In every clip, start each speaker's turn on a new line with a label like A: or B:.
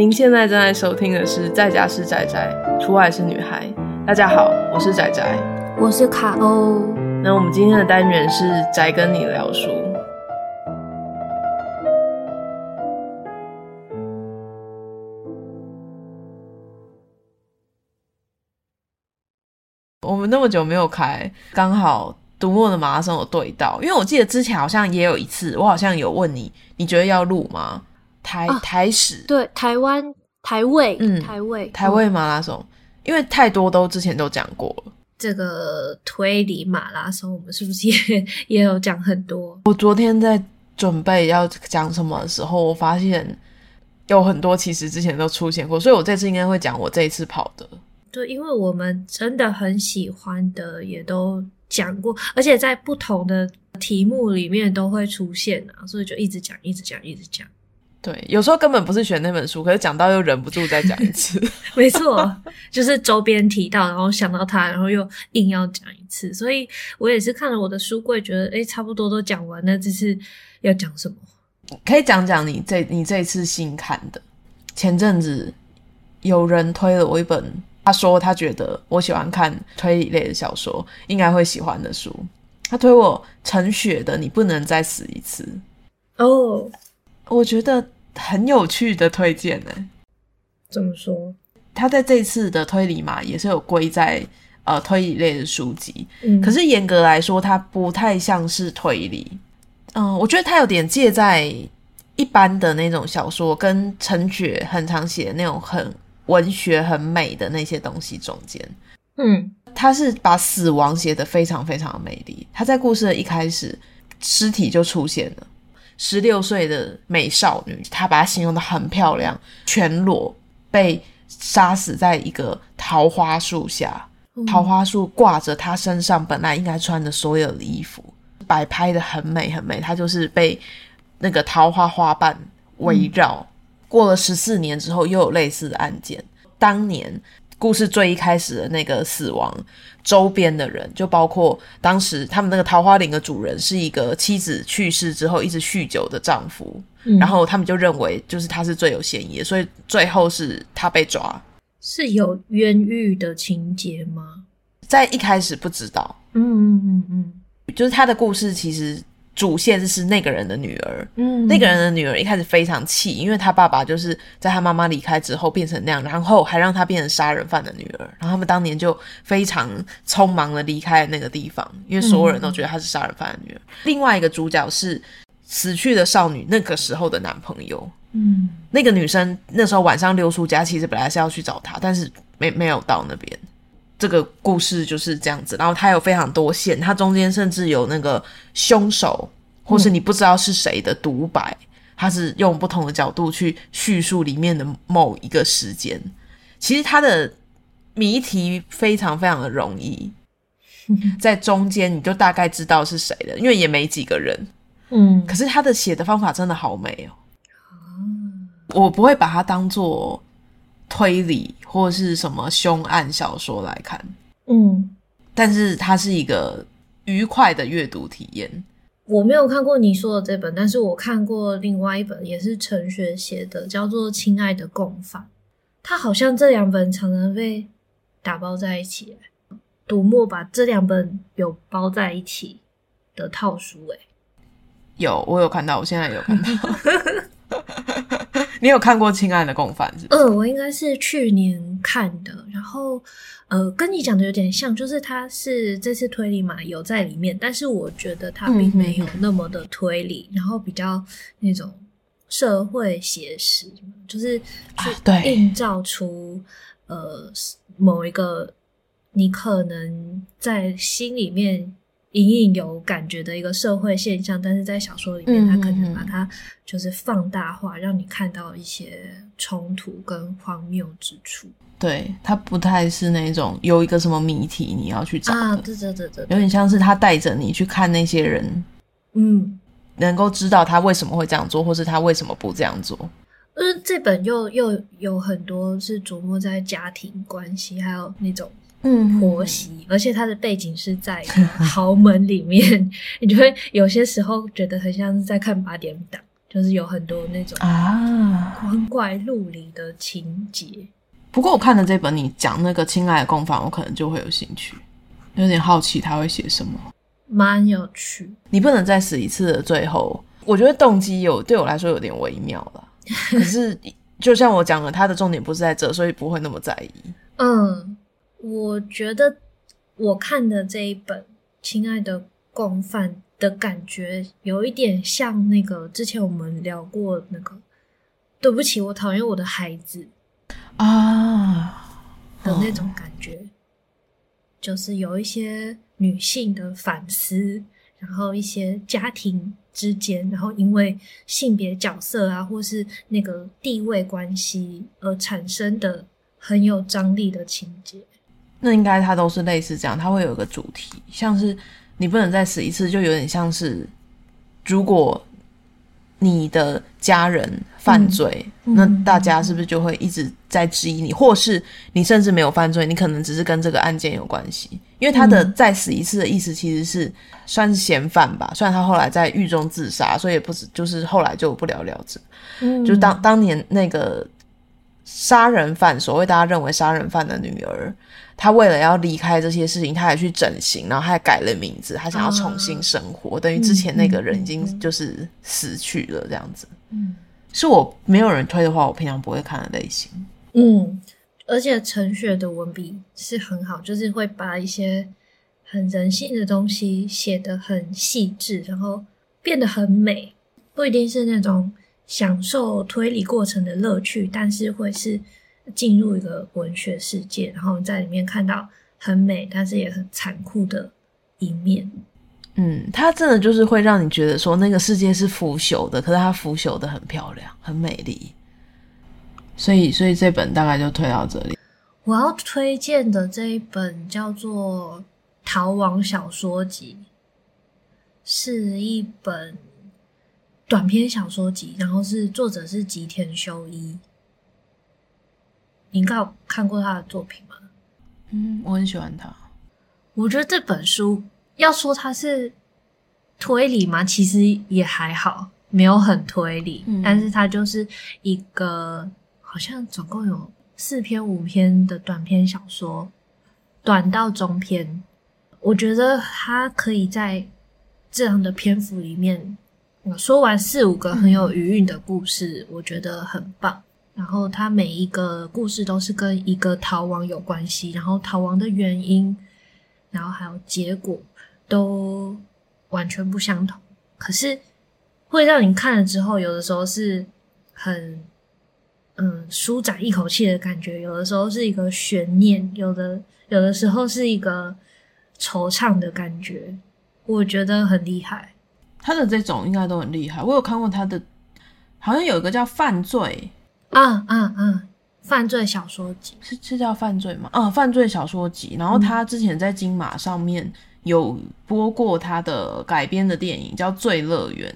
A: 您現在正在收聽的是《在家是宅宅，出外是女孩》。大家好，我是宅宅，我是卡歐。那我們今天的單元是宅跟你聊書。 我們那麼久沒有開，剛好讀墨的馬拉松有對到，因為我記得之前好像也有一次，我好像有問你，你覺得要錄嗎？台、啊、
B: 台史對台灣台位，嗯，台位台位馬
A: 拉松，因為太多都之前都講過了。
B: 這個推理馬拉松，我們
A: 是不是也也有講很多？我昨天在準備要講什麼的時候，我發現有很多其實之前都出現過，所以我這次應該會講我這一次跑的。
B: 對，因為我們真的很喜歡的，也都講過，而且在不同的題目裡面都會出現啊，所以就一直講，一直講，一直講。
A: 對，有時候根本不是選那本書，可是講到又忍不住再講一次。
B: 沒錯錯， 就是周邊提到，然後想到他，然後又硬要講一次。所以我也是看了我
A: 的書櫃，覺得哎、欸，差不多都講完了，這次要講什麼？可以講講你這你這一次新看的。前陣子有人推了我一本，他說他覺得我喜歡看推理類的小說，應該會喜歡的書。他推我陳雪的《你不能再死一次》。哦。我覺得很有趣的推薦呢、欸。怎麼說？他在這次的推理嘛，也是有歸在呃推理類的書籍。嗯、可是嚴格來說，它不太像是推理。嗯，我覺得他有點介在一般的那種小說，跟陳雪很常寫的那種很文學、很美的那些東西中間。嗯，他是把死亡寫得非常非常美麗。他在故事的一開始，屍體就出現了。十六歲的美少女，她把她形容的很漂亮，全裸被殺死在一個桃花樹下，桃花樹掛着她身上本來應該穿的所有的衣服，擺拍的很美很美，她就是被那個桃花花瓣圍繞。嗯、過了十四年之後，又有類似的案件，當年故事最一開始的那個死亡。周邊的人就包括當時他們那個桃花林的主人，是一個妻子去世之後一直酗酒的丈夫，嗯、然後他們就認為，就是他是最有嫌疑的，所以最後是他被抓。
B: 是有
A: 冤獄的情節嗎？在一開始不知道。嗯嗯嗯嗯，就是他的故事其實。主線就是那個人的女兒，嗯，嗯，那個人的女兒一開始非常氣，因為她爸爸就是在她媽媽離開之後變成那樣，然後還讓她變成殺人犯的女兒，然後他們當年就非常匆忙的離開那個地方，因為所有人都覺得她是殺人犯的女兒。嗯，另外一個主角是死去的少女，那個時候的男朋友，嗯，那個女生那時候晚上溜出家，其實本來是要去找他，但是沒沒有到那邊。這個故事就是這樣子，然後它有非常多線，它中間甚至有那個凶手，或是你不知道是誰的獨白，嗯、它是用不同的角度去敘述裡面的某一個時間。其實它的謎題非常非常的容易，在中間你就大概知道是誰了，因為也沒幾個人。嗯，可是它的寫的方法真的好美哦。哦，我不會把它當做。推理或是什麼兇案小說來看，嗯，但是它是一個愉快的閱讀體驗。
B: 我沒有看過你說的這本，但是我看過另外一本，也是陳雪寫的，叫做《親愛的共犯》。它好像這兩本常常被打包在一起，欸，讀墨把這兩本有包在一起
A: 的套書，欸，誒，有我有看到，我現在有看到。 你有看過《親愛的共犯》是？嗯、呃，
B: 我應該是去年看的，然後，呃，跟你講的有點像，就是它是這次推理嘛，有在裡面，但是我覺得它並沒有那麼的推理，嗯、哼然後比較那種社會寫實，就是對映照出、啊、呃某一個你可能在心裡面。隱隱有感覺的一個社會現象，但是在小說裡面，他可能把它就是放大化，嗯嗯嗯，讓你看到一些衝突跟荒謬之處。
A: 對，他不太是那種有一個什麼謎題你要去找的，
B: 啊，這這這這，有點
A: 像是他帶着你去看那些人，嗯，能夠知道他為什麼會這樣做，或是他為什麼不這樣做。
B: 就是、嗯、這本又又有很多是琢磨在家庭關係，還有那種。嗯，婆媳，而且他的背景是在豪門裡面， 你就會有些時候覺得很像是在看八點檔，就是有很多那種啊光怪陸離的情節。
A: 不過我看了這本，你講那個親愛的公房，我可能就會有興趣，有點好奇他會寫什麼，
B: 蠻有趣。
A: 你不能再死一次的最後，我覺得動機有對我來說有點微妙了， 可是就像我講了，他的重點不是在這，所以不會那麼在意。
B: 嗯。我覺得我看的這一本《親愛的共犯》的感覺有一點像那個之前我們聊過那個“對不起，我討厭我的孩子”啊的那種感覺，就是有一些女性的反思，然後一些家庭之間，然後因為性別角色啊，或是那個地位關係而產生的很有張力的情節。
A: 那應該它都是類似這樣，它會有一個主題，像是你不能再死一次，就有點像是如果你的家人犯罪，嗯、那大家是不是就會一直在質疑你？嗯、或是你甚至沒有犯罪，你可能只是跟這個案件有關係。因為他的再死一次的意思其實是算是嫌犯吧，雖然他後來在獄中自殺，所以不是就是後來就不了了之。
B: 嗯，就當
A: 當年那個。殺人犯，所謂大家認為殺人犯的女兒，她為了要離開這些事情，她還去整形，然後她還改了名字，她想要重新生活。啊、等於之前那個人已經就是死去了，這樣子。嗯嗯、是我沒有人推的話，我平常不會看的類型。
B: 嗯，而且陳雪的文筆是很好，就是會把一些很人性的東西寫得很細緻，然後變得很美，不一定是那種。享受推理過程的樂趣，但是會是進入一個文學世界，然後在裡面看到很美，但是也很殘酷的
A: 一面。嗯，它真的就是會讓你覺得說那個世界是腐朽的，可是它腐朽得很漂亮，很美麗。所以，所以這本大概就推到這裡。
B: 我要推薦的這一本叫做《逃亡小說集》，是一本。短篇小說集，然後是作者是吉田修一。你應該有看過他的作品嗎？嗯，我很喜歡他。我覺得這本書要說它是推理嗎？其實也還好，沒有很推理。嗯、但是它就是一個，好像總共有四篇五篇的短篇小說，短到中篇。我覺得他可以在這樣的篇幅裡面。說完四五個很有餘韻的故事，嗯、我覺得很棒。然後他每一個故事都是跟一個逃亡有關係，然後逃亡的原因，然後還有結果都完全不相同。可是會讓你看了之後，有的時候是很嗯舒展一口氣的感覺，有的時候是一個懸念，有的有的時候是一個惆悵的感覺，我
A: 覺得很厲害。他的這種應該都很厲害，我有看過他的，好像有一個叫《犯罪》啊啊啊，啊啊《犯罪小說集》是是叫犯罪嗎？啊，《犯罪小說集》。然後他之前在金馬上面有播過他的改編的電影叫《罪樂園》。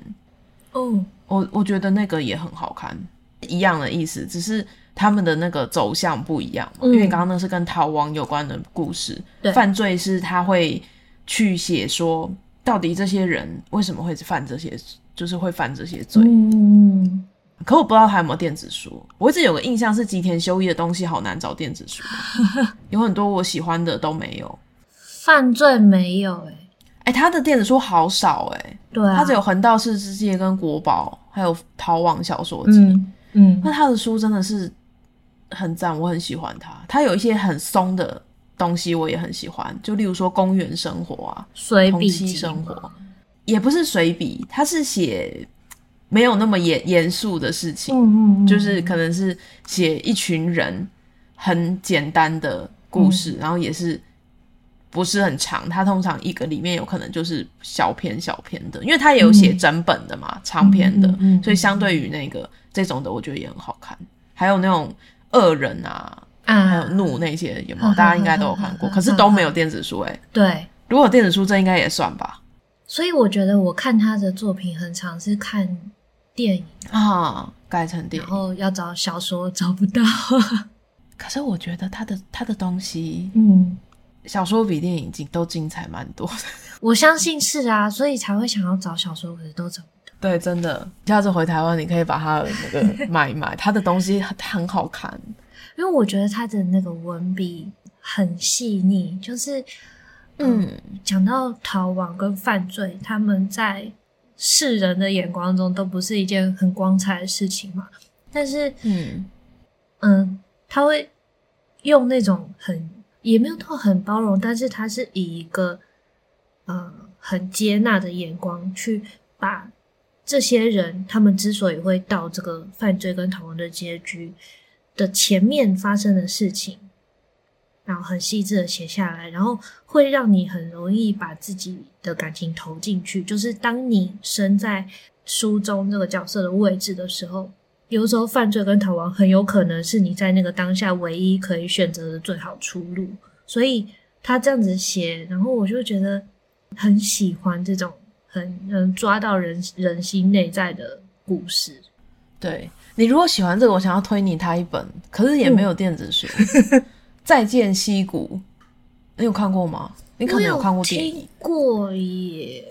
A: 哦、嗯，我我覺得那個也很好看，一樣的意思，只是他們的那個走向不一樣嘛、嗯、因為剛剛那是跟逃亡有關的故事，對犯罪是他會去寫說。到底這些人為什麼會犯這些？就是會犯這些罪。嗯、可我不知道他有沒有電子書。我一直有個印象是吉田修一的東西好難找電子書， 有很多我喜歡的都沒有。犯罪沒有、欸？誒、欸，他的電子書好少誒、欸，對啊、他只有《橫道世之介》跟《國寶》，還有《逃亡小說集》嗯。嗯，那他的書真的是很讚，我很喜歡他。他有一些很鬆的。東西我也很喜歡，就例如說公園生活啊，隨筆，同期生活啊，也不是隨筆，他是寫沒有那麼嚴嚴肅的事情，嗯嗯嗯，就是可能是寫一群人很簡單的故事，嗯、然後也是不是很長，他通常一個裡面有可能就是小篇小篇的，因為他也有寫整本的嘛，嗯、長篇的，嗯嗯嗯，所以相對於那個是這種的，我覺得也很好看，還有那種惡人啊。啊，還有怒那些有沒有？啊、大家應該都有看過，啊啊啊啊、可是都沒有電子書誒、啊、對，如果電子書這應該也算吧。
B: 所以我覺得我看他的作品很常是看電
A: 影啊，改成電影，然後要找小說找不到。可是我覺得他的他的東西，嗯，小說比電影精都精彩蠻多的。我相信是
B: 啊，所以才會想要找小說，可是都找不到。
A: 對，真的，下次回台灣你可以把它那個買一買， 他的東西很很好看。
B: 因為我覺得他的那個文筆很細膩，就是，嗯，講、嗯、到逃亡跟犯罪，他們在世人的眼光中都不是一件很光彩的事情嘛。但是，嗯嗯，他會用那種很也沒有到很包容，但是他是以一個嗯、呃，很接納的眼光去把這些人，他們之所以會到這個犯罪跟逃亡的結局的前面發生的事情，然後很細緻的寫下來，然後會讓你很容易把自己的感情投進去。就是當你身在書中這個角色的位置的時候，有時候犯罪跟逃亡很有可能是你在那個當下唯一可以選擇的最好出路。所以他這樣子寫，然後我就覺得很喜歡這種很能抓到人人心內在的故事，對。
A: 你如果喜歡這個，我想要推你他一本，可是也沒有電子書。嗯、 再見，溪谷，你有看過嗎？你可能有看過電影，聽過耶。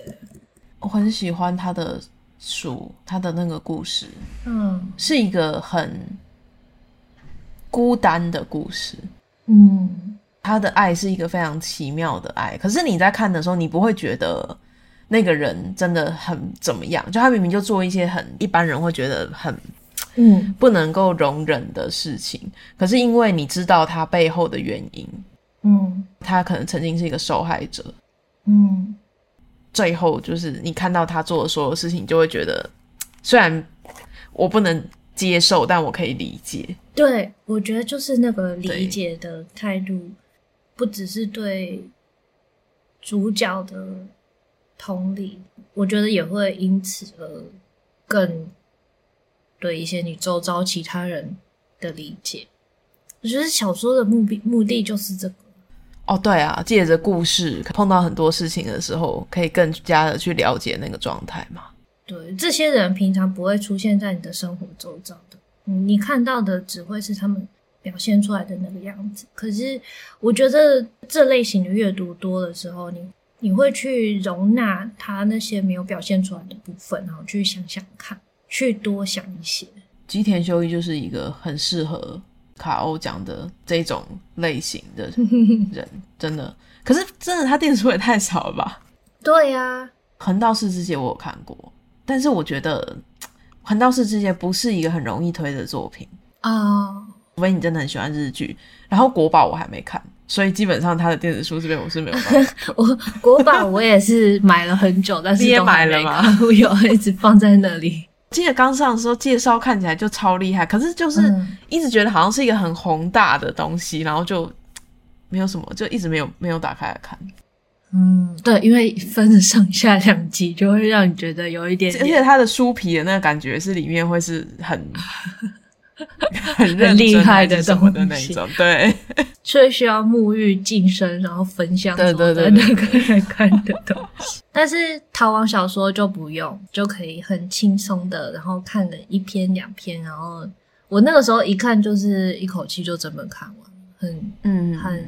A: 我很喜歡他的書，他的那個故事，嗯，是一個很孤單的故事。嗯，他的愛是一個非常奇妙的愛，可是你在看的時候，你不會覺得那個人真的很怎麼樣，就他明明就做一些很一般人會覺得很。嗯，不能夠容忍的事情，可是因為你知道他背後的原因，嗯，他可能曾經是一個受害者，
B: 嗯，
A: 最後就是你看到他做的所有事情，就會覺得雖然我不能接受，但我可以理解。
B: 對，我覺得就是那個理解的態度，不只是對主角的同理，我覺得也會因此而更。對一些你周遭其他人的理解，我覺得小說的目的目的就
A: 是這個。哦，對啊，借着故事碰到很多事情的時候，可以更加的去了解那個狀態嘛。
B: 對，這些人平常不會出現在你的生活周遭的，你你看到的只會是他們表現出來的那個樣子。可是我覺得這類型的閱讀多的時候，你你會去容納他那些沒有表現出來的部分，然後去想想看。去多想一些。
A: 吉田修一就是一個很適合卡歐講的這種類型的人， 真的。可是真的，他電子書也太少了吧？對呀，啊。橫道世之介我有看過，但是我覺得橫道世之介不是一個很容易推的作品
B: 啊。
A: 除非，Oh. 你真的很喜歡日劇。然後國寶我還沒看，所以基本上他的電子書這邊我是沒有。看
B: 我國寶我也是買了很
A: 久， 但是你也買了嗎？有，一直放在那裡。 我記得剛上的時候，介紹看起來就超厲害，可是就是一直覺得好像是一個很宏大的東西，嗯、然後就沒有什麼，就一直沒有沒有打開來看。嗯，
B: 對，因為分了上下
A: 兩集，就會讓你覺得有一點點，而且它的書皮的那個感覺是裡面會是很。
B: 很厲害的東西， 對，最 需要沐浴淨身，然後焚香什麼的，對對，那個人看的東西。但是逃亡小說就不用， 就可以很輕鬆的，然後看了一篇兩篇，然後我那個時候一看就是一口氣就這麼看完，很嗯，很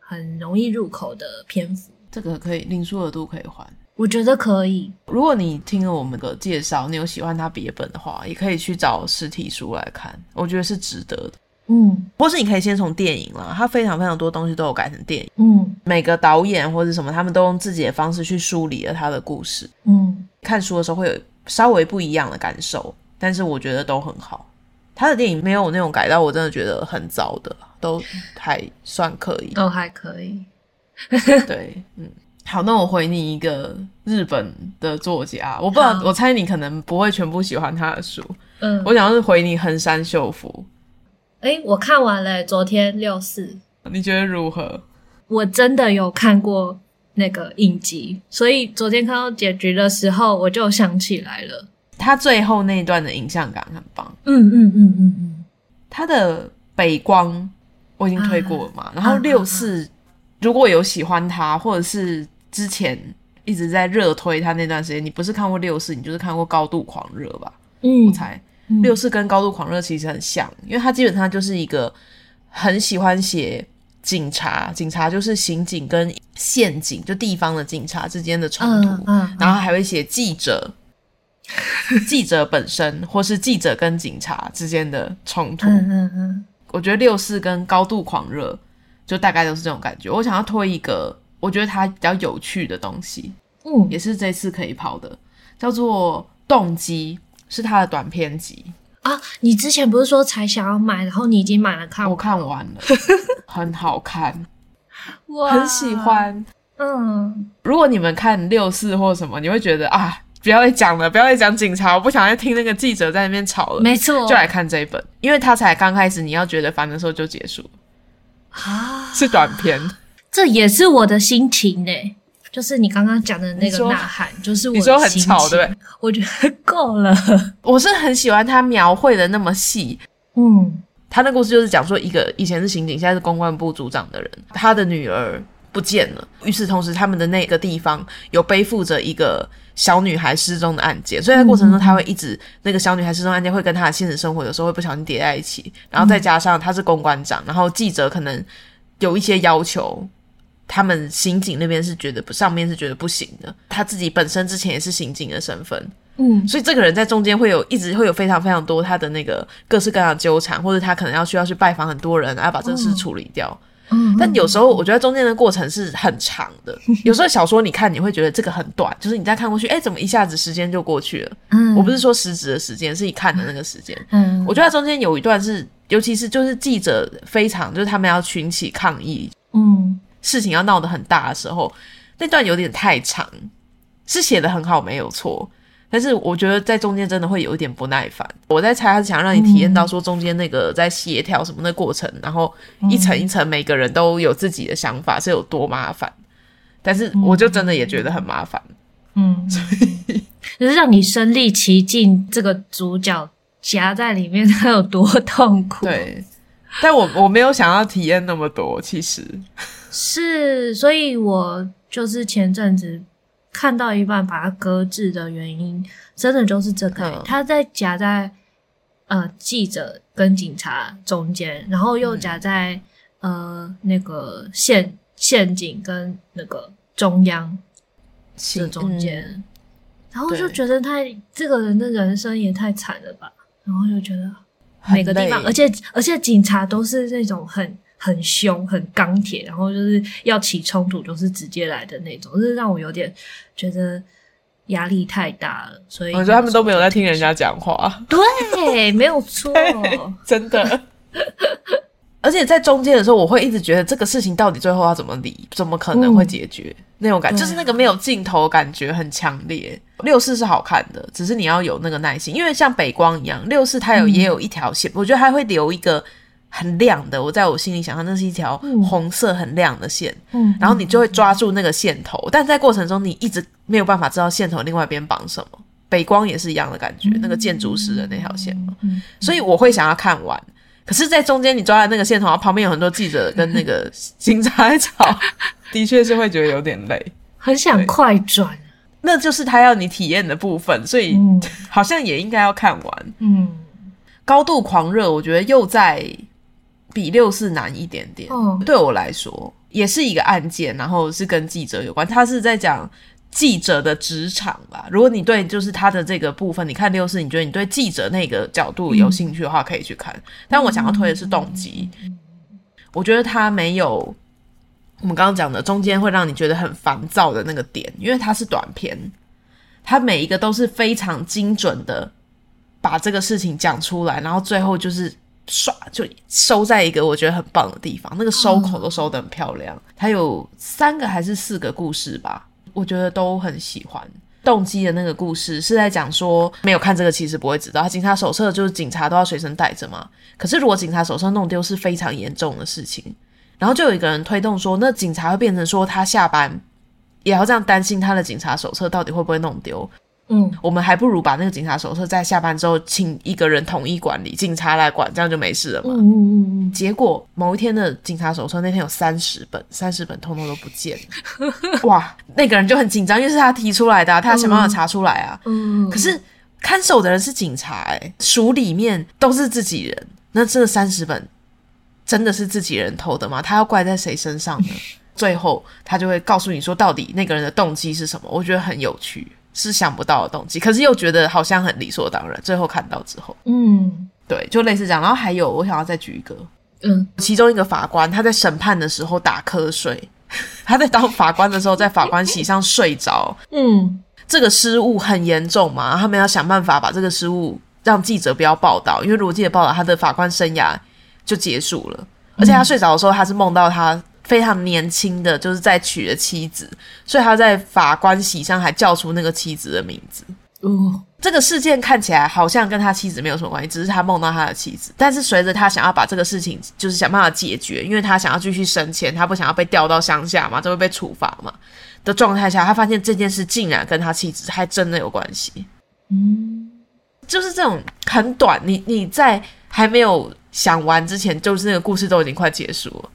A: 很容易入口的篇幅。這個可以零數的都可以還。我覺得可以。如果你聽了我們的介紹，你有喜歡他別本的話，也可以去找實體書來看，我覺得是值得的。
B: 嗯，
A: 或是你可以先從電影啦，他非常非常多東西都有改成電影。嗯，每個導演或者什麼，他們都用自己的方式去梳理了他的故事。嗯，看書的時候會有稍微不一樣的感受，但是我覺得都很好。他的電影沒有那種改到我真的覺得很糟的，都還算可以，
B: 都還可以。
A: 對，嗯。好，那我回你一個日本的作家，我不知道，好我猜你可能不會全部喜歡他的書。
B: 嗯，我想
A: 是回你橫山秀夫。
B: 哎、欸，我看完了昨天六四，你覺得如何？我真的有看過那個影集，所以昨天
A: 看到結局的時候，我就想起來了。他最後那一段的影像感很棒。嗯嗯嗯嗯嗯，嗯嗯嗯他的北光我已經推過了嘛，啊、然後六四、嗯嗯嗯、如果有喜歡他或者是。之前一直在熱推他那段時間，你不是看過六四，你就是看過《高度狂熱》吧？嗯，我猜才、嗯、六四跟《高度狂熱》其實很像，因為他基本上就是一個很喜歡寫警察，警察就是刑警跟縣警，就地方的警察之間的衝突，嗯嗯、然後還會寫記者，嗯、記者本身或是記者跟警察之間的衝突。嗯嗯，嗯
B: 嗯
A: 我覺得六四跟《高度狂熱》就大概都是這種感覺。我想要推一個。我覺得它比較有趣的東西，嗯，也是這次可以跑的，叫做《動機》，是它的短篇集
B: 啊。你之前不是說才想要買，然後你已經買了看，我看完
A: 了， 很好看，
B: 哇，很喜歡。
A: 嗯，如果你們看六四或什麼，你會覺得啊，不要再講了，不要再講警察，我不想再聽那個記者在那邊吵了。沒錯，就來看這一本，因為他才剛開始，你要覺得煩的時候就結束啊，是短篇。
B: 這也是我的心情嘞、欸，就是你剛剛講的那個吶
A: 喊，說就是有時候很吵對不對？
B: 我覺得夠了，
A: 我是很喜歡他描繪的那麼細。嗯，他那故事就是講說一個以前是刑警，現在是公關部組長的人，他的女兒不見了。與此同時，他們的那個地方有背負着一個小女孩失蹤的案件。所以在過程中，他會一直、嗯、那個小女孩失蹤案件會跟他的現實生活有時候會不小心疊在一起。然後再加上他是公關長，嗯、然後記者可能有一些要求。他們刑警那邊是覺得不，上面是覺得不行的。他自己本身之前也是刑警的身份，嗯，所以這個人在中間會有一直會有非常非常多他的那個各式各樣的糾纏，或者他可能要需要去拜訪很多人然後、啊、把這件事處理掉。嗯、哦，但有時候我覺得中間的過程是很長的。嗯、有時候小說你看你會覺得這個很短， 就是你再看過去，哎，怎麼一下子時間就過去了？
B: 嗯，我不是
A: 說實質的時間，是你看的那個時間。嗯，我覺得中間有一段是，尤其是就是記者非常就是他們要群起抗議。嗯。事情要鬧得很大的時候，那段有點太長，是寫的很好沒有錯，但是我覺得在中間真的會有一點不耐煩。我在猜他是想讓你體驗到說中間那個在協調什麼的過程，嗯、然後一層一層每個人都有自己的想法是有多麻煩，嗯、但是我就真的也覺得很麻煩。嗯，
B: 所以就是讓你身歷其境，這個主角夾在
A: 裡面他有多痛苦、啊。對，但我我沒有想要體驗那麼多，其實。
B: 是，所以我就是前陣子看到一半把它擱置的原因，真的就是這個。嗯、他在夾在呃記者跟警察中間，然後又夾在、嗯、呃那個縣縣警跟那個中央的中間，嗯、然後就覺得他對這個人的人生也太慘了吧。然後就覺得每個地方，累而且而且警察都是那種很。很兇，很鋼鐵，然後就是要起衝突，就是直接來的那種，就是讓我有點覺得壓力太大了。所以我覺得他們都
A: 沒有在聽人家講話，對，沒有錯，真的。 而且在中間的時候，我會一直覺得這個事情到底最後要怎麼理，怎麼可能會解決？嗯、那種感覺對就是那個沒有盡頭感覺很強烈。六四是好看的，只是你要有那個耐心，因為像北光一樣，六四它有、嗯、也有一條線，我覺得它會留一個。很亮的，我在我心裡想象那是一條紅色很亮的線，嗯、然後你就會抓住那個線頭，嗯嗯、但在過程中你一直沒有辦法知道線頭另外一邊綁什麼。北光也是一樣的感覺，嗯、那個建築師的那條線嘛，嗯嗯、所以我會想要看完，可是，在中間你抓着那個線頭，旁邊有很多記者跟那個警察在找，嗯、的確是會覺得有點累，很想快轉。那就是他要你體驗的部分，所以、嗯、好像也應該要看完。嗯，高度狂熱，我覺得又在。比六四難一點點，oh. 對我來說也是一個案件，然後是跟記者有關。他是在講記者的職場吧。如果你對就是他的這個部分，你看六四，你覺得你對記者那個角度有興趣的話，可以去看。嗯、但我想要推的是動機，嗯、我覺得他沒有我們剛剛講的中間會讓你覺得很煩躁的那個點，因為它是短篇，它每一個都是非常精準的把這個事情講出來，然後最後就是。唰，就收在一個我覺得很棒的地方，那個收口都收得很漂亮。它、嗯、有三個還是四個故事吧，我覺得都很喜歡。動機的那個故事是在講說，沒有看這個其實不會知道，他警察手冊就是警察都要隨身帶着嘛。可是如果警察手冊弄丟是非常嚴重的事情，然後就有一個人推動說，那警察會變成說，他下班也要這樣擔心他的警察手冊到底會不會弄丟。嗯，我們還不如把那個警察手冊在下班之後請一個人統一管理，警察來管，這樣就沒事了嘛。嗯嗯嗯。結果某一天的警察手冊，那天有三十本，三十本通通都不見了。 哇，那個人就很緊張，因為是他提出來的，啊，他想辦法查出來啊。嗯。可是看守的人是警察哎，欸，署裡面都是自己人，那這三十本真的是自己人偷的嗎？他要怪在誰身上呢？ 最後他就會告訴你說，到底那個人的動機是什麼？我覺得很有趣。是想不到的動機，可是又覺得好像很理所當然。最後看到之後，嗯，對，就類似這樣。然後還有，我想要再舉一個，嗯，其中一個法官他在審判的時候打瞌睡，他在當法官的時候在法官席上睡着，嗯，這個失誤很嚴重嘛，他們要想辦法把這個失誤讓記者不要報道，因為如果記者報道，他的法官生涯就結束了。而且他睡着的時候，他是夢到他。非常年輕的就是在娶了妻子，所以他在法官席上還叫出那個妻子的名字。哦，這個事件看起來好像跟他妻子沒有什麼關係，只是他夢到他的妻子。但是隨着他想要把這個事情就是想辦法解決，因為他想要繼續升遷，他不想要被調到鄉下嘛，就會被處罰嘛的狀態下，他發現這件事竟然跟他妻子還真的有關係。嗯，就是這種很短，你你在還沒有想完之前，就是那個故事都已經快結束了。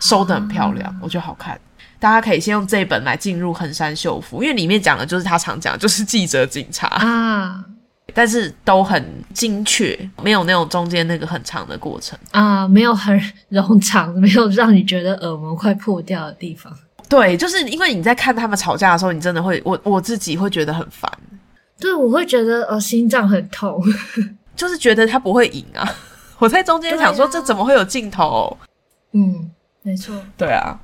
A: 收的很漂亮，啊、我覺得好看。大家可以先用這一本來進入橫山秀夫，因為裡面講的就是他常講，就是記者警察啊。但是都很精確，沒有那種中間那個很長的過程
B: 啊，沒有很冗長，沒有讓你覺得耳膜快破掉的地方。
A: 對，就是因為你在看他們吵架的時候，你真的會，我我自己會覺得很煩。
B: 對，我會覺得呃，心臟很痛，
A: 就是覺得他不會贏啊。我在中間想說，啊、這怎麼會有鏡頭？
B: 嗯。沒錯，
A: 對啊，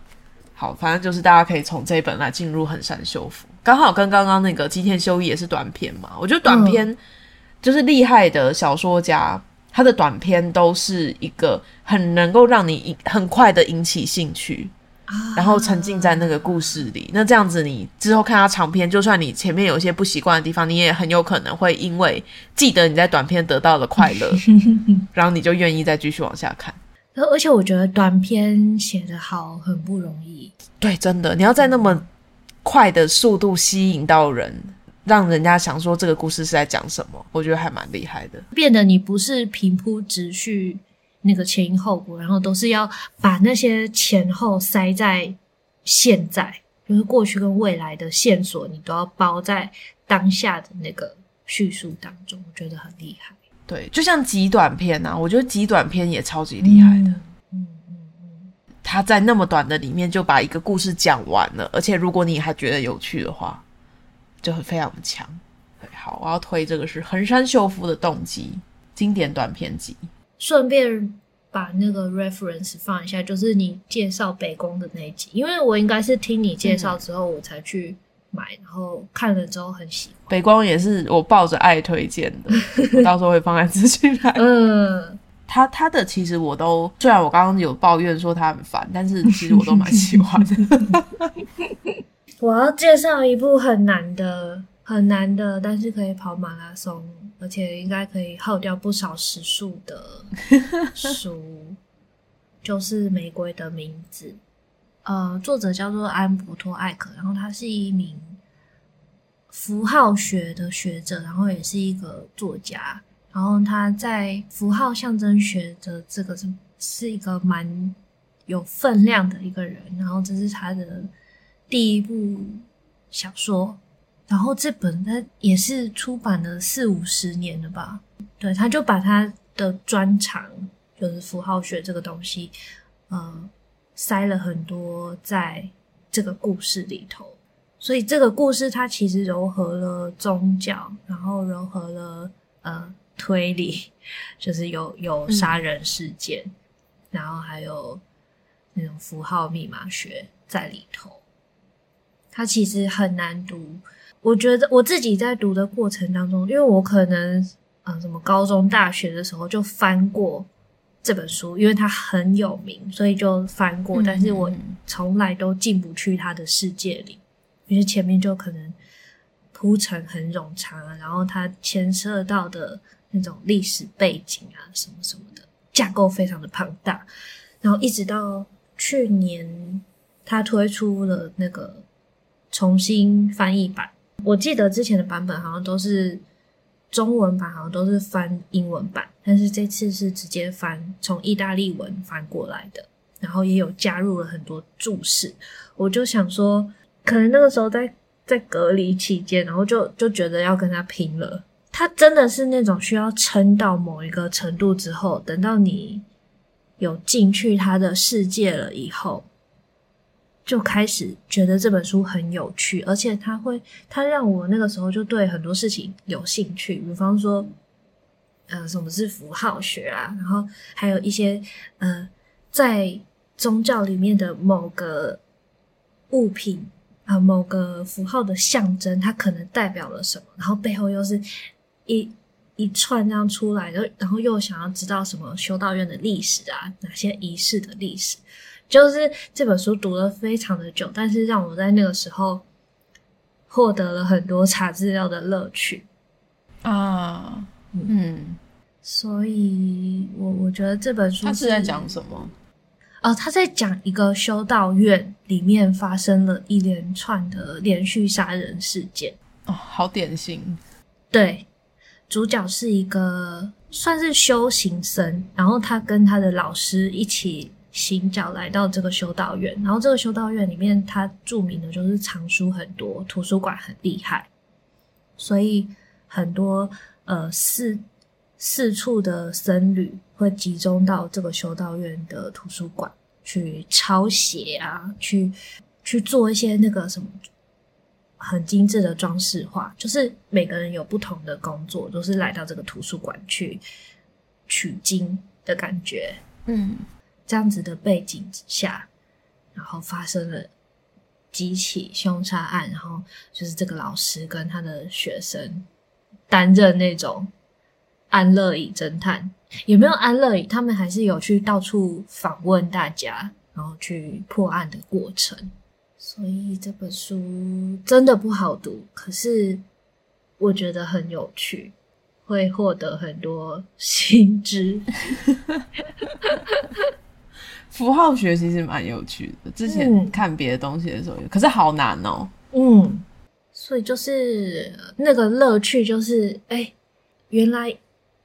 A: 好，反正就是大家可以從這一本來進入橫山秀夫，剛好跟剛剛那個吉田修一也是短篇嘛。我覺得短篇就是厲害的小說家，他、嗯、的短篇都是一個很能夠讓你很快的引起興趣，啊、然後沉浸在那個故事裡。啊、那這樣子，你之後看他長篇，就算你前面有一些不習慣的地方，你也很有可能會因為記得你在短篇得到的快樂， 然後你就願意再繼續往下看。
B: 而且我覺得短篇寫得好很不容易。
A: 對，真的，你要在那麼快的速度吸引到人，讓人家想說這個故事是在講什麼，我覺得還蠻厲害的。
B: 變得你不是平鋪直敘那個前因後果，然後都是要把那些前後塞在現在，就是過去跟未來的線索，你都要包在當下的那個敘述當中，我覺得很厲害。
A: 對，就像極短篇啊。我覺得極短篇也超級厲
B: 害的。嗯嗯嗯，嗯
A: 嗯，他在那麼短的裡面就把一個故事講完了，而且如果你還覺得有趣的話，就很非常的強。好，我要推這個是橫山秀夫的《動機》經典短篇集。
B: 順便把那個 reference 放一下，就是你介紹北光的那一集，因為我應該是聽你介紹之後我才去。嗯買，然後看了之後
A: 很喜歡。北光也是我抱着愛推薦的， 我到時候會放在資訊欄、 呃。嗯，他他的其實我都，雖然我剛剛有抱怨說他很煩，但是其實我都蠻喜歡的。
B: 我要介紹一部很難的、很難的，但是可以跑馬拉松，而且應該可以耗掉不少時數的書， 就是《玫瑰的名字》。呃，作者叫做安伯托·艾克，然後他是一名符號學的學者，然後也是一個作家，然後他在符號象徵學的這個是是一個蠻有分量的一個人，然後這是他的第一部小說，然後這本他也是出版了四五十年了吧，對，他就把他的專長就是符號學這個東西，嗯、呃。塞了很多在這個故事裡頭，所以這個故事它其實融合了宗教，然後融合了呃推理，就是有有殺人事件，嗯、然後還有那種符號密碼學在裡頭，它其實很難讀。我覺得我自己在讀的過程當中，因為我可能呃什麼高中、大學的時候就翻過。這本書因為它很有名，所以就翻過。嗯，但是我從來都進不去他的世界裡，因為前面就可能鋪陳很冗長啊，然後它牽涉到的那種歷史背景啊什麼什麼的架構非常的龐大。然後一直到去年，他推出了那個重新翻譯版。我記得之前的版本好像都是。中文版好像都是翻英文版，但是這次是直接翻從意大利文翻過來的，然後也有加入了很多注釋。我就想說，可能那個時候在在隔離期間，然後就就覺得要跟他拼了。他真的是那種需要撐到某一個程度之後，等到你有進去他的世界了以後。就開始覺得這本書很有趣，而且他會，他讓我那個時候就對很多事情有興趣，比方說，呃，什麼是符號學啊？然後還有一些呃，在宗教裡面的某個物品啊，呃，某個符號的象徵，它可能代表了什麼？然後背後又是一一串這樣出來的，然後又想要知道什麼修道院的歷史啊，哪些儀式的歷史。就是這本書讀了非常的久，但是讓我在那個時候獲得了很多查資料的樂趣。啊，嗯，嗯，所以我我覺得
A: 這本書是他是在講什麼？
B: 哦，他在講一個修道院裡面發生了一連串的連續殺人事件。哦，好典型。對，主角是一個算是修行生，然後他跟他的老師一起。行腳來到這個修道院，然後這個修道院裡面，它著名的就是藏書很多，圖書館很厲害，所以很多呃四四處的僧侶會集中到這個修道院的圖書館去抄寫啊，去去做一些那個什麼很精致的裝飾畫，就是每個人有不同的工作，都、就是來到這個圖書館去取經的感覺，嗯。這樣子的背景之下，然後發生了幾起兇殺案，然後就是這個老師跟他的學生擔任那種安樂椅偵探，有沒有安樂椅，他們還是有去到處訪問大家，然後去破案的過程。所以這本書真的不好讀，可是我覺得很有趣，會獲得很多新知。
A: 符號學其實是蠻有趣的，之前看別的東西的時候，嗯、可是好難哦。嗯，
B: 所以就是那個樂趣就是，誒，原來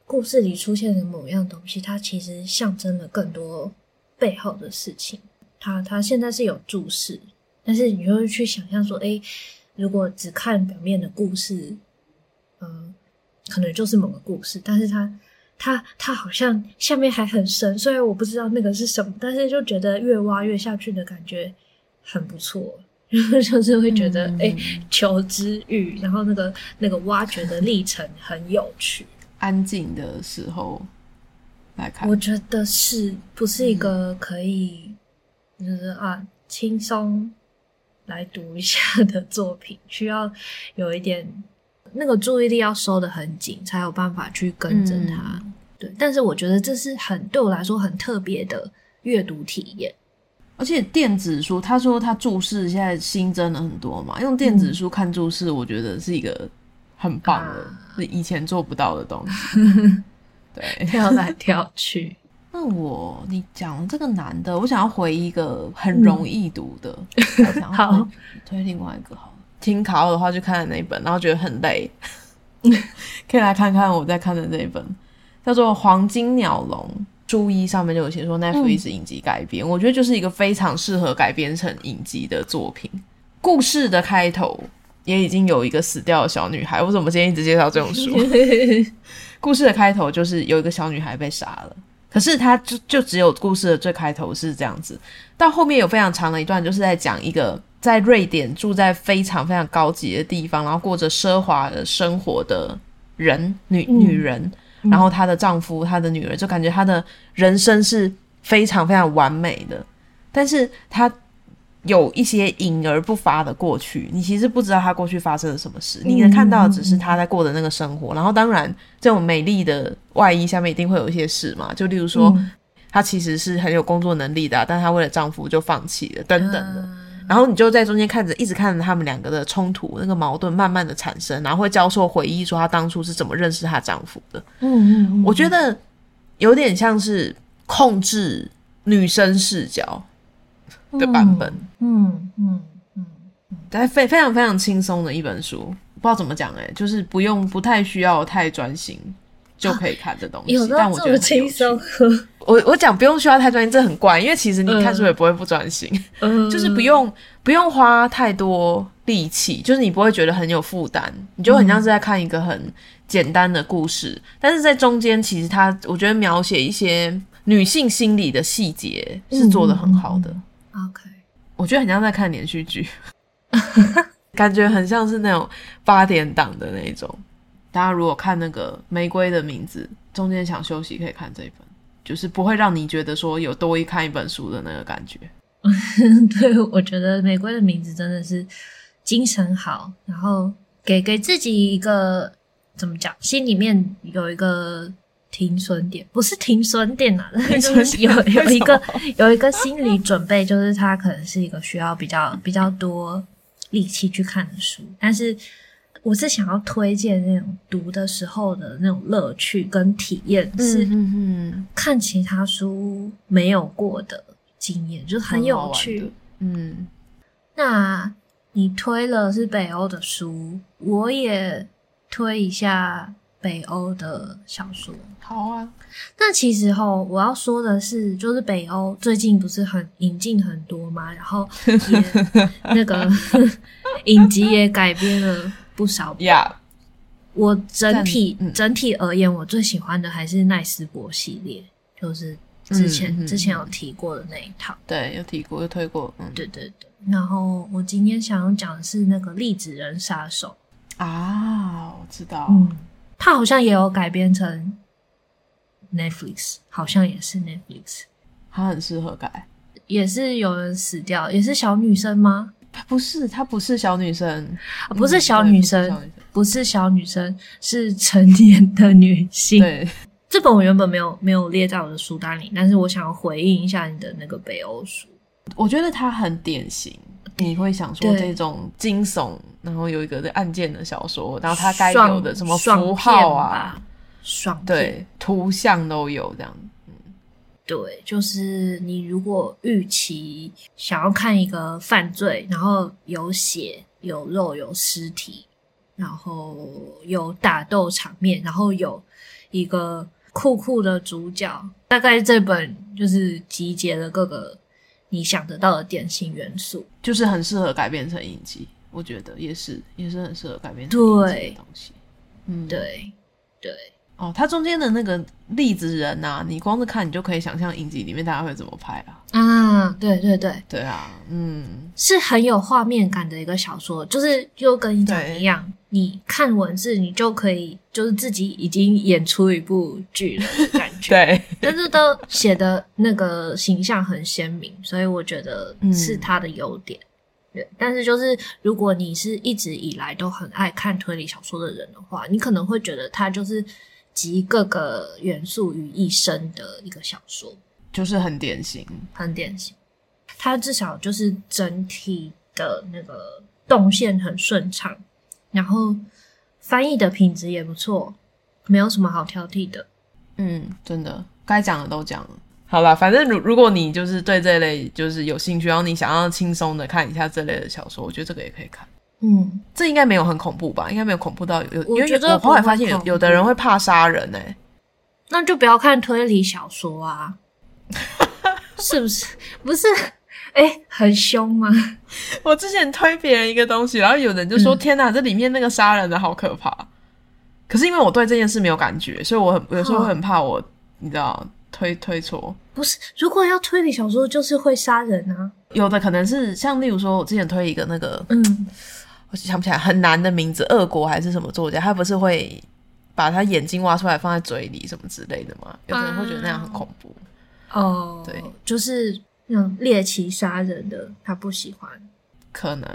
B: 故事裡出現的某樣東西，它其實象徵了更多背後的事情。它它現在是有注釋，但是你又去想象說，誒，如果只看表面的故事，嗯、呃，可能就是某個故事，但是它。他他好像下面還很深，雖然我不知道那個是什麼，但是就覺得越挖越下去的感覺很不錯， 就是會覺得哎、嗯嗯欸，求知慾，然後那個那個挖掘的歷程很有趣。安靜的時候來看，我覺得是不是一個可以、嗯、就是啊輕鬆來讀一下的作品？需要有一點那個注意力要收得很緊，才有辦法去跟着它。嗯對，但是我覺
A: 得這是很對我來說很特別的閱讀體驗，而且電子書，他說他註釋現在新增了很多嘛，用電子書看註釋，我覺得是一個很棒的，嗯、是以前做不到的東西。啊、對，跳來跳去。那我你講這個難的，我想要回一個很容易讀的。好，推另外一個。好，聽卡歐的話就看了那一本，然後覺得很累，嗯、 可以來看看我在看的那本。叫做《黃金鳥籠》，書衣上面就有寫說 Netflix 是影集改編，嗯、我覺得就是一個非常適合改編成影集的作品。故事的開頭也已經有一個死掉的小女孩，我怎麼今天一直介紹這種書？ 故事的開頭就是有一個小女孩被殺了，可是她就就只有故事的最開頭是這樣子，到後面有非常長的一段，就是在講一個在瑞典住在非常非常高級的地方，然後過着奢華的生活的人女女人。嗯然後她的丈夫、她、嗯、的女兒就感覺她的人生是非常非常完美的，但是她有一些隱而不發的過去。你其實不知道她過去發生了什麼事，你能看到只是她在過的那個生活。嗯、然後當然，這種美麗的外衣下面一定會有一些事嘛。就例如說，她、嗯、其實是很有工作能力的，啊，但她為了丈夫就放棄了，等等的。嗯然後你就在中間看着，一直看着他們兩個的衝突，那個矛盾慢慢的產生，然後會教授回憶說她當初是怎麼認識她丈夫的。嗯嗯，我覺得有點像是控制女生視角的版本。嗯嗯
B: 嗯，
A: 嗯嗯嗯，但非非常非常輕鬆的一本書，不知道怎麼講哎，就是不用不太需要太專心。就可以看這東西，啊、但我覺得很有
B: 趣
A: 我我講不用需要太專心，這很怪，因為其實你看書也不會不專心，嗯、 就是不用、嗯、不用花太多力氣，就是你不會覺得很有負擔，你就很像是在看一個很簡單的故事。嗯、但是在中間，其實它，我覺得描寫一些女性心理的細節是做得很好的。OK，嗯、我覺得很像在看連續劇， 感覺很像是那種八點檔的那一種。大家如果看那個《玫瑰的名字》，中間想休息可以看這一本，就是不會讓你覺得說有多一看一本書的那個感覺。
B: 對，我覺得《玫瑰的名字》真的是精神好，然後給給自己一個怎麼講，心裡面有一個停損點，不是停損點啊，就是有有一個有一個心理準備，就是它可能是一個需要比較比較多力氣去看的書，但是。我是想要推薦那種讀的時候的那種樂趣跟體驗，是看其他書沒有過的經驗，嗯嗯嗯、就是很有趣。嗯，那你推了是北歐的書，我也推一下北歐的小說。好啊，那其實齁，我要說的是，就是北歐最近不是很引進很多嘛，然後也 那個 影集也改編了。不少呀，yeah, 我整體、嗯、整體而言，我最喜歡的還是奈斯博系列，就是
A: 之前、嗯嗯、之前有
B: 提過的那一套。對，有提過，有推過。嗯，對對對。然後我今天想要講的是那個《栗子人殺手》。啊，我知道。嗯，他好像也有改編成 Netflix，好像也是 Netflix。他很適合改，也是有人死掉，也是小女生嗎？不是，她不是小女生，啊、不是小女生，嗯、對、不是小女生，不是小女生，是成年的女性。對，這本我原本沒有沒有列在我的書單裡，但是我想要回應一下你的那個北歐書。我覺得它很
A: 典型，你會想說這種驚悚，對然後有一個這案件的小說，然後它該有的什麼符號啊，雙、雙片吧，雙片。對，圖像都有
B: 這樣。對，就是你如果預期想要看一個犯罪，然後有血、有肉、有屍體，然後有打鬥場面，然後有一個酷酷的主角，大概這本就是集結了各個你想得到的典型
A: 元素，就是很適合改編成影集。我覺得也是，也是很適合改編成影集的東西。對，嗯、對，對。哦，他中間的那個栗子人吶、啊，你光是看你就可以想象影集裡面大家會怎麼拍啊！
B: 啊，對對對，對啊，嗯，是很有畫面感的一個小說，就是又跟你講一樣，對你看文字你就可以，就是自己已經演出一部劇了的感覺。 對，但是都寫的那個形象很鮮明，所以我覺得是他的優點、嗯對。但是就是如果你是一直以來都很愛看推理小說的人的話，你可能會覺得他就是。集各個元素於一身的一個小說，就是很典型，很典型。它至少就是整體的那個動線很順暢，然後翻譯的品質也不錯，沒有什麼好挑剔的。嗯，真的，
A: 該講的都講了。好吧，反正如如果你就是對這類就是有興趣，然後你想要輕鬆的看一下這類的小說，我覺得這個也可以看。嗯，這應該沒有很恐怖吧？應該沒有恐怖到有有。我覺得我後來發現有有的人會怕殺人呢、欸。
B: 那就不要看推理小說啊，
A: 是不是？不是，哎、欸，很兇嗎？我之前推別人一個東西，然後有人就說：“嗯、天哪，這裡面那個殺人的好可怕。”可是因為我對這件事沒有感覺，所以我很好有時候很怕我，你知道，推推錯。
B: 不是，如果要推理小說，就是會殺人啊。
A: 有的可能是像例如說，我之前推一個那個，嗯。我想不起來很難的名字，俄國還是什麼作家？他不是會把他眼睛挖出來放在嘴裡什麼之類的嗎？有人會覺得那樣很恐怖、啊、
B: 哦。對，就是那種獵奇殺人的，他不喜歡。可能，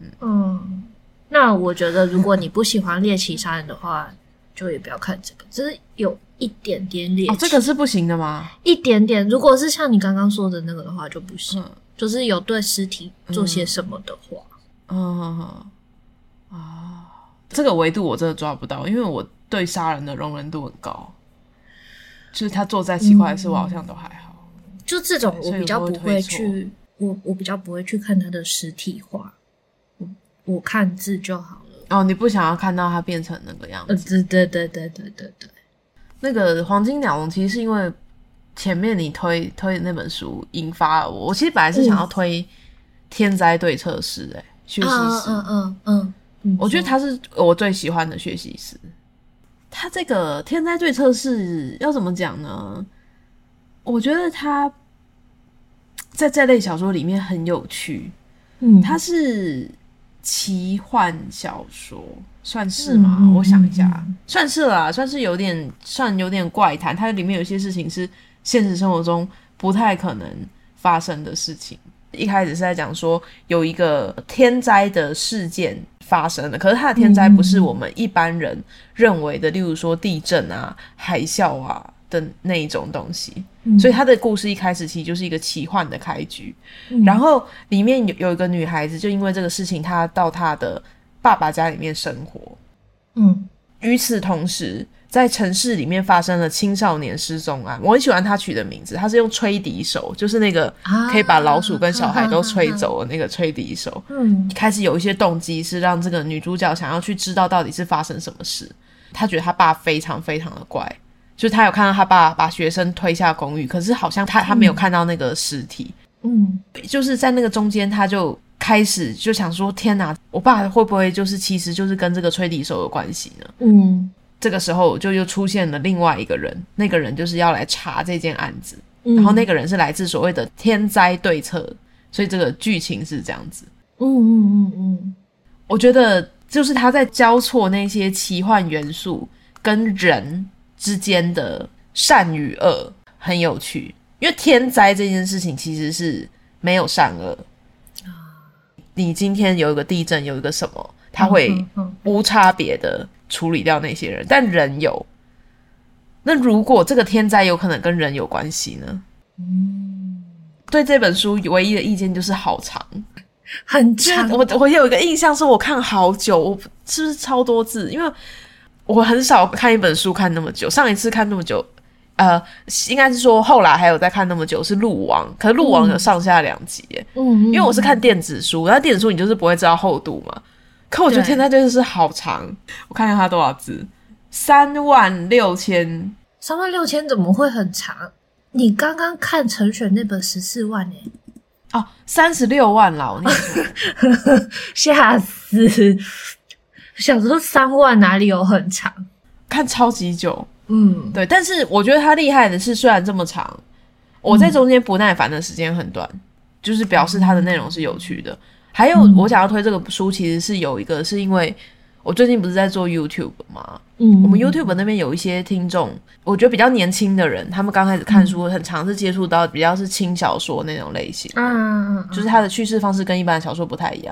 B: 嗯,
A: 嗯，
B: 那我覺得如果你不喜歡獵奇殺人的話， 就也不要看這個。只、就是有一點點獵奇、哦，這個
A: 是不行的嗎？
B: 一點點，如果是像你剛剛說的那個的話就不行，嗯、就是有對屍
A: 體做些什麼的話。哦、嗯。嗯嗯啊，這個維度我真的抓不到，因為我對殺人的容忍度很高，就是他做再奇怪的事，我好像都還好。嗯、
B: 就這種，我比較不會去，推錯我我比較不會去看他的實體化，我，我看字就好了。哦，你不想要看到他
A: 變成那個樣子？對對對對對對對。對對對對對，那個黃金鳥籠其實是因為前面你推推那本書引發了我，我其實本來是想要推《天災對策室、欸》的，休息室嗯嗯。我覺得他是我最喜歡的學習師。他這個《天災對策室》是要怎麼講呢？我覺得他在這類小說裡面很有趣。嗯，他是奇幻小說算是嗎？嗯、我想一下，嗯嗯、算是啦、啊，算是有點，算有點怪談。它裡面有些事情是現實生活中不太可能發生的事情。一開始是在講說有一個天災的事件發生了，可是他的天災不是我們一般人認為的，嗯、例如說地震啊、海嘯啊的那一種東西。嗯、所以他的故事一開始其實就是一個奇幻的開局。嗯、然後裡面有有一個女孩子，就因為這個事情，她到她的爸爸家裡面生活。嗯，與此同時。在城市裡面發生了青少年失蹤案，我很喜歡他取的名字，他是用吹笛手，就是那個可以把老鼠跟小孩都吹走的那個吹笛手。嗯、啊，啊啊啊啊、開始有一些動機是讓這個女主角想要去知道到底是發生什麼事。她覺得她爸非常非常的怪，就是她有看到她爸把學生推下公寓，可是好像她她沒有看到那個屍體嗯。嗯，就是在那個中間，她就開始就想說：天哪、啊，我爸會不會就是其實就是跟這個吹笛手有關係呢？嗯。這個時候就又出現了另外一個人，那個人就是要來查這件案子，嗯、然後那個人是來自所謂的天災對策，所以這個劇情是這樣子。嗯嗯嗯嗯，我覺得就是他在交錯那些奇幻元素跟人之間的善與惡，很有趣，因為天災這件事情其實是沒有善惡。你今天有一個地震，有一個什麼，他會無差別的。嗯嗯嗯處理掉那些人，但人有。那如果這個天災有可能跟人有關係呢？嗯。對這本書唯一的意見就是好長，很長。我我有一個印象是我看好久，我是不是超多字？因為我很少看一本書看那麼久，上一次看那麼久，呃，應該是說後來還有再看那麼久是《鹿王》，可是《鹿王》有上下兩集，嗯，因為我是看電子書，那電子書你就是不會知道厚度嘛。可我覺得天災，就是好長，對我看一下它多少字，三萬六千，三萬六千怎麼會很長？
B: 你剛剛看陳選那本十四萬誒哦，三十六萬了，嚇 死！小時候三萬
A: 哪裡有很長？看超級久，嗯，對。但是我覺得他厲害的是，雖然這麼長，我在中間不耐煩的時間很短，嗯、就是表示他的內容是有趣的。還有，我想要推這個書，其實是有一個是因為我最近不是在做 YouTube 嘛。嗯，我們 YouTube 那邊有一些聽眾，我覺得比較年輕的人，他們剛開始看書，很常是接觸到比較是輕小說那種類型。嗯嗯嗯，就是他的敘事方式跟一般小說不太一樣。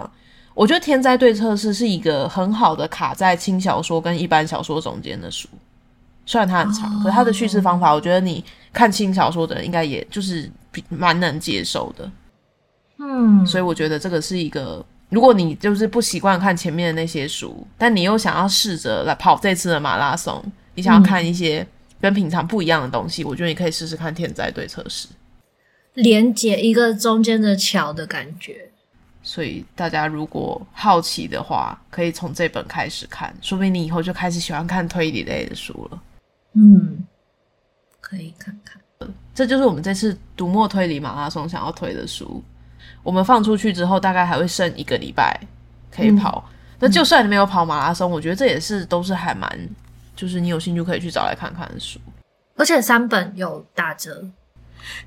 A: 我覺得《天災對策室》是一個很好的卡在輕小說跟一般小說中間的書，雖然它很長，可是它的敘事方法，我覺得你看輕小說的人應該也就是蠻能接受的。嗯，所以我覺得這個是一個，如果你就是不習慣看前面的那些書，但你又想要試着來跑這次的馬拉松，嗯、你想要看一些跟平常不一樣的東西，我覺得你可以試試看天《天災對策室》，
B: 連接一個中間的橋的感覺。
A: 所以大家如果好奇的話，可以從這本開始看，說不定你以後就開始喜歡看推理類的書了。嗯，可以看看、嗯，這就是我們這次讀墨推理馬拉松想要推的書。我們放出去之後，大概還會剩一個禮拜可以跑。嗯、那就算你沒有跑馬拉松，嗯、我覺得這也是都是還蠻，就是你有興趣可以去找來看看的書。
B: 而且三本有打折，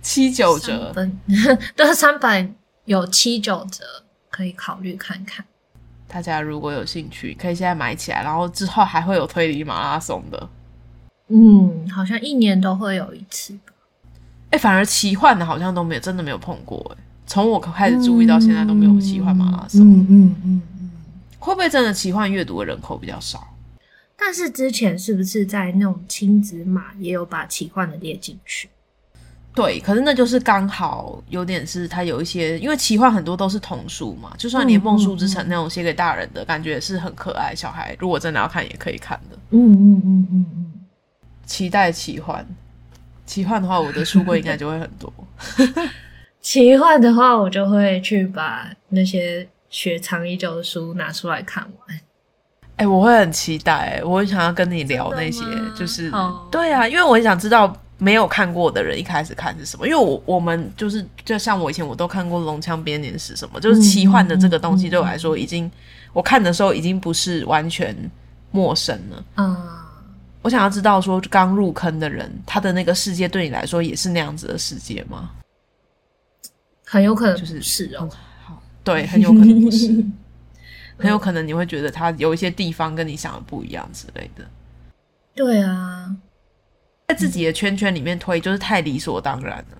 A: 七九折，三
B: 本 但是三本有七九折可以考慮看看。
A: 大家如果有興趣，可以現在買起來，然後之後還會有推理馬拉松的。
B: 嗯，好像一年都會有一次吧。
A: 哎、欸，反而奇幻的，好像都沒有，真的沒有碰過哎、欸。從我開始注意到現在都沒有奇幻馬拉松，嗯嗯嗯，會不會真的奇幻閱讀的人口比較少？
B: 但是之前是不是在那種親子馬也有把奇幻的列進去？
A: 對，可是那就是剛好有點是它有一些，因為奇幻很多都是童書嘛，就算連《夢樹之城》那種寫給大人的，感覺也是很可愛，小孩如果真的要看也可以看的。嗯嗯嗯嗯嗯，嗯嗯嗯期待，奇幻，奇幻的話我的書櫃應該就會很多。 奇幻的話，我就會去把
B: 那些雪藏已久的書拿出來看完。哎、
A: 欸，我會很期待，我會想要跟你聊那些，就是、oh. 對啊，因為我很想知道沒有看過的人一開始看是什麼。因為我我們就是就像我以前我都看過《龍槍編年史》什麼，嗯、就是奇幻的這個東西對我來說已經，嗯、我看的時候已經不是完全陌生了。啊，uh. 我想要知道說剛入坑的人他的那個世界對你來說也是那樣子的世界嗎？很有可能是就是是哦，好，對，很有可能不是， 很有可能你會覺得他有一些地方跟你想的不一樣之類的。
B: 對啊，
A: 在自己的圈圈裡面推就是太理所當然了。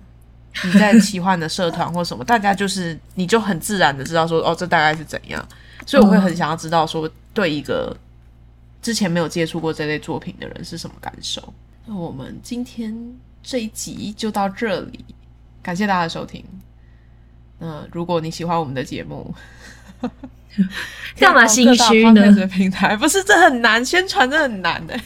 A: 你在奇幻的社團或什麼， 大家就是你就很自然的知道說，哦，這大概是怎樣。所以我會很想要知道說，對一個之前沒有接觸過這類作品的人是什麼感受。那我們今天這一集就到這裡，感謝大家的收聽。嗯，如果你喜歡我們的節目，
B: 幹嘛心虛呢？
A: 平台不是這很難宣傳，這很難的。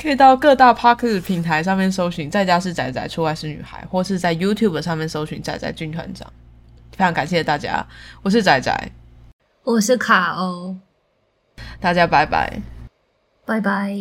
A: 可以到各大 Podcast 平， Podcast 平台上面搜尋，在家是宅宅出外是女孩，或是在 YouTube 上面搜尋宅宅軍團長。非常感謝大家，我是宅宅，我是卡歐，大家拜拜，
B: 拜拜。